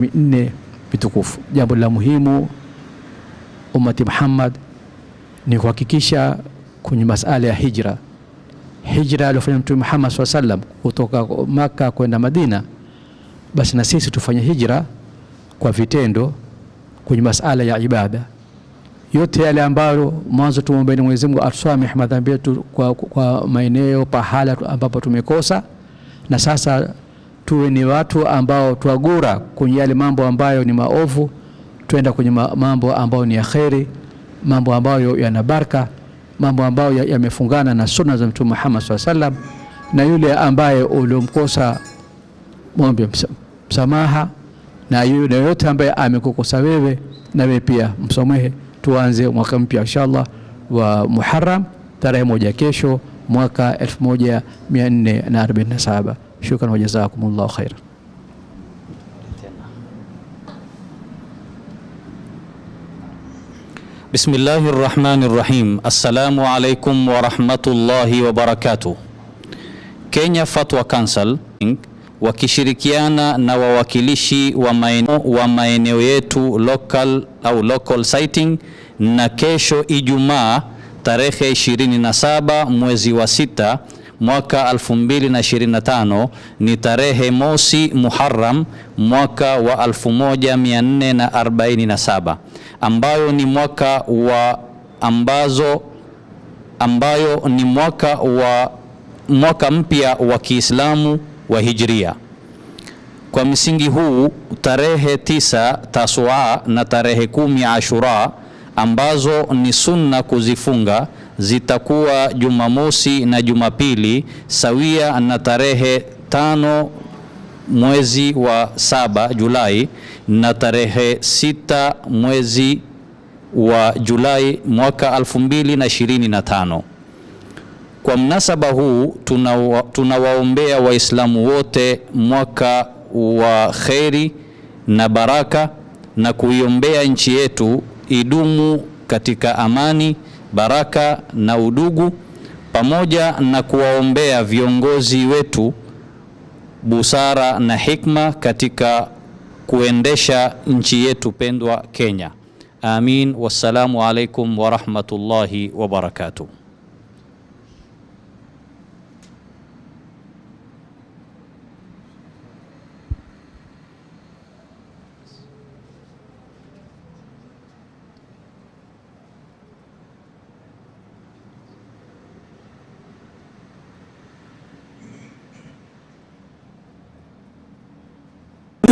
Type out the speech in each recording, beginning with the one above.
minne mitukufu. Jambo la muhimu umati Muhammad ni kuhakikisha kwenye masala ya hijra, hijra aliyofanya Mtume Muhammad swalla sallam kutoka Maka kwenda Madina, basi na sisi tufanye hijra kwa vitendo kwenye masala ya ibada yote yale ambayo mwanzo tumuombeeni Mwenyezi Mungu atusamehe madhambi yetu kwa, kwa maeneo pahala ambapo tumekosa na sasa tuwe ni watu ambao twagura kwenye yale mambo ambayo ni maovu, twenda kwenye mambo ambayo ni ya kheri, mambo ambayo yana baraka, mambo ambayo yamefungana na sunna za Mtume Muhammad SAW sallam Na yule ambaye uliomkosa mwombe msamaha, na yule yote ambaye amekukosa wewe, na wewe pia msamehe. Tuanze mwaka mpya inshallah wa Muharram tarehe moja kesho mwaka 1447. Shukran wa jazakumullahu khaira. Bismillahi rrahmani rahim. Assalamu alaikum warahmatullahi wabarakatuh. Kenya Fatwa Council wakishirikiana na wawakilishi wa maeneo, wa maeneo yetu local au local sighting, na kesho Ijumaa tarehe 27 mwezi wa sita mwaka 2025 ni tarehe mosi Muharram mwaka wa 1447 ambayo ni mwaka wa ambazo ambayo ni mwaka wa mwaka mpya wa Kiislamu wa Hijria. Kwa msingi huu tarehe tisa Tasua na tarehe kumi Ashura ambazo ni sunna kuzifunga zitakuwa Jumamosi na Jumapili sawia na tarehe tano mwezi wa saba Julai na tarehe sita mwezi wa Julai mwaka tano. Kwa mnasaba huu tunawaombea tuna Waislamu wote mwaka wa kheri na baraka na kuiombea nchi yetu idumu katika amani, baraka na udugu, pamoja na kuwaombea viongozi wetu busara na hikma katika kuendesha nchi yetu pendwa Kenya. Amin. Wassalamu alaikum warahmatullahi wabarakatuh.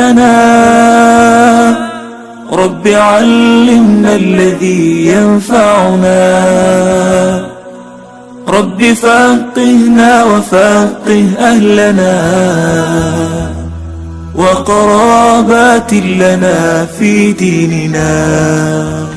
لنا رب علمنا الذي ينفعنا رب فقهنا وفقه أهلنا وقرابات لنا في ديننا